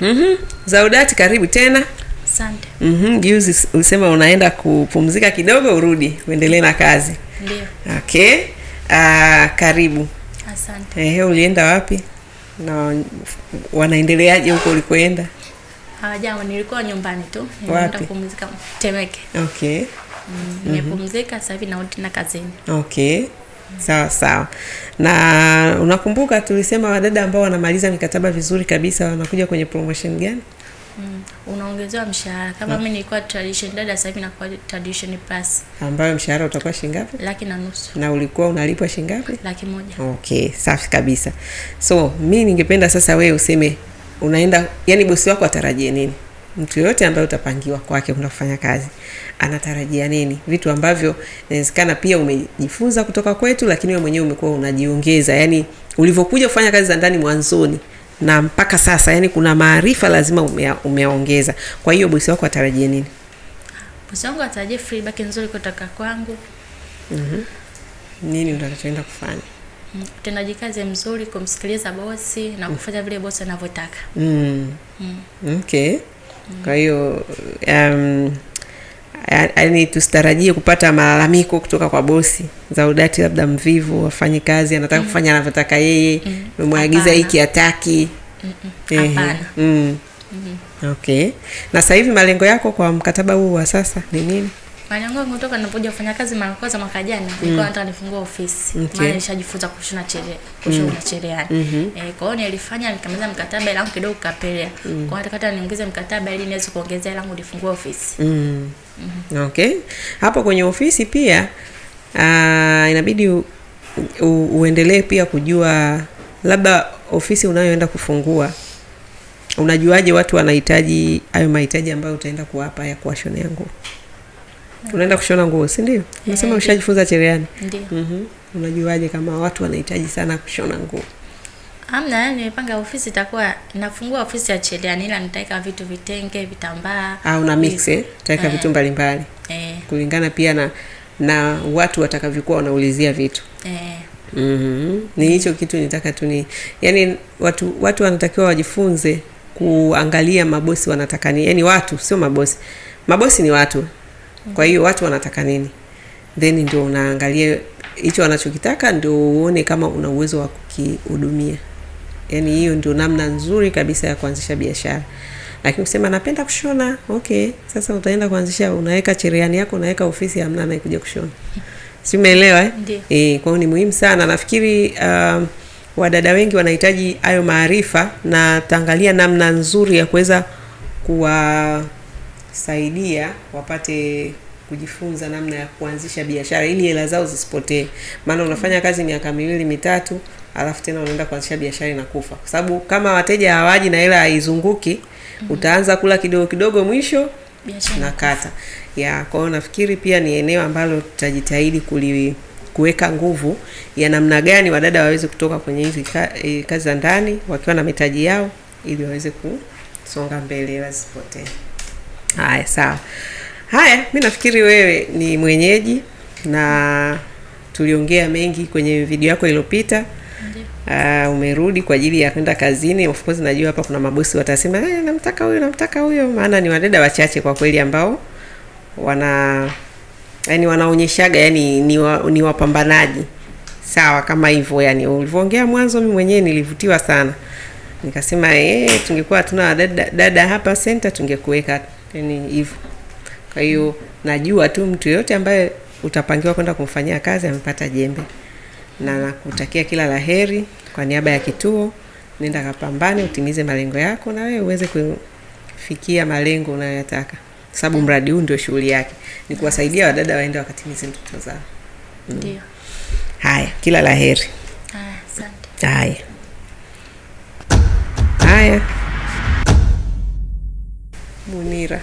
mm -hmm. Zaudati, karibu tena. Asante. Mm-hmm. Juzi usema unaenda kupumzika kidogo urudi uendelee na kazi. Ndiyo. Okay. Ah, karibu. Asante. eh, ulienda wapi? Na wanaendeleaje huko ulikoenda? Hawajambo, ah, nilikuwa nyumbani tu. Nilienda kupumzika Temeke. Okay. Mm, nimepumzika mm sasa hivi narudi na kazini. Okay. Sawa sawa. Na unakumbuka tulisema wadada ambao wanamaliza mikataba vizuri kabisa wanakuja kwenye promotion gani? Mm, unaongezewa mshahara kama ah. mimi nilikuwa tradition dada, sasa hivi nakuwa tradition plus, ambayo mshahara utakuwa shilingi Laki na nusu. Na ulikuwa unalipwa shilingi Laki moja. Okay, safi kabisa. So mi ningependa sasa wewe useme unaenda, yani bosi wako atarajie nini? Mtu yoyote ambaye utapangiwa kwake kwenda kufanya kazi anatarajia nini, vitu ambavyo inawezekana pia umejifunza kutoka kwetu, lakini wewe mwenyewe umekuwa unajiongeza, yani ulivyokuja kufanya kazi za ndani mwanzoni na mpaka sasa, yani kuna maarifa lazima umea, umeongeza. Kwa hiyo bosi wako atarajie nini? Bosi wangu atarajie feedback nzuri kutoka kwangu. mm-hmm. Nini utakachoenda kufanya? Utendaji kazi mzuri, kumsikiliza bosi na mm. kufanya vile bosi anavyotaka. mm. mm. Okay. Kwa hiyo um, yaani tusitarajie kupata malalamiko kutoka kwa bosi za udati, labda mvivu, afanyi kazi, anataka mm. kufanya anavyotaka yeye, memwagiza mm. hiki hataki. Mm. Okay, na sasa hivi malengo yako kwa mkataba huu wa sasa ni nini? malengo yangu kutoka nilipokuja kufanya kazi mara kwanza mwaka jana mm. nilikuwa nataka nifungue ofisi okay. maana nishajifunza kushona chere kushona mm. cherehani mm -hmm. e, eh, kwa hiyo nilifanya nikamaliza mkataba ila kidogo kapelea mm. kwa hiyo nataka niongeze mkataba ili niweze kuongezea ila nifungue ofisi mm. mm -hmm. okay hapo kwenye ofisi pia uh, inabidi u, u, uendelee pia kujua labda ofisi unayoenda kufungua unajuaje watu wanahitaji hayo mahitaji ambayo utaenda kuwapa ya kuwashonea nguo unaenda kushona nguo, si ndio? Eh, Unasema ushajifunza cherehani, ndio. Mhm, unajuaje kama watu wanahitaji sana kushona nguo? Amna, yani nimepanga ofisi itakuwa nafungua ofisi ya cherehani, ila nitaweka vitu vitenge, vitambaa. Ah, una mix eh, vitu eh. mbalimbali eh, kulingana pia na na watu watakavyokuwa wanaulizia vitu eh. Mm-hmm. Ni hicho kitu nitaka tu ni yani, watu watu wanatakiwa wajifunze kuangalia mabosi wanataka nini, yani watu sio mabosi. Mabosi ni watu, kwa hiyo watu wanataka nini, then ndio unaangalia hicho wanachokitaka, ndio uone kama una uwezo wa kukihudumia. Yaani hiyo ndio namna nzuri kabisa ya kuanzisha biashara. Lakini kusema napenda kushona, okay, sasa utaenda kuanzisha, unaweka cheriani yako, unaweka ofisi, hamna anayekuja kushona. Si umeelewa eh? Eh, kwa hiyo ni muhimu sana. Nafikiri um, wadada wengi wanahitaji hayo maarifa na taangalia namna nzuri ya kuweza kuwa kusaidia wapate kujifunza namna ya kuanzisha biashara ili hela zao zisipotee. Maana unafanya kazi miaka miwili mitatu, alafu tena unaenda kuanzisha biashara inakufa, kwa sababu kama wateja hawaji na hela haizunguki, mhm. utaanza kula kidogo kidogo, mwisho biashara nakata ya. Kwa hiyo nafikiri pia ni eneo ambalo tutajitahidi kuli kuweka nguvu ya namna gani wadada waweze kutoka kwenye hizi e, kazi za ndani wakiwa na mitaji yao, ili waweze kusonga mbele, hela Haya, sawa. Haya, mi nafikiri wewe ni mwenyeji na tuliongea mengi kwenye video yako iliyopita. Uh, umerudi kwa ajili ya kwenda kazini. Of course najua hapa kuna mabosi watasema eh, namtaka huyo namtaka huyo, maana ni wadada wachache kwa kweli ambao wana yani wanaonyeshaga yani ni, wa, ni wapambanaji sawa kama hivyo yani ulivyoongea mwanzo, mimi mwenyewe nilivutiwa sana nikasema eh, tungekuwa hatuna dada, dada hapa center tungekuweka yani hivyo. Kwa hiyo najua tu mtu yoyote ambaye utapangiwa kwenda kumfanyia kazi amepata jembe, na nakutakia kila laheri kwa niaba ya kituo. Nenda kapambane, utimize malengo yako na wewe uweze kufikia malengo unayoyataka sababu mradi huu ndio shughuli yake ni kuwasaidia wadada waende wakatimize ndoto zao. Mm. Haya, kila laheri. Haya, Haya. Haya. мира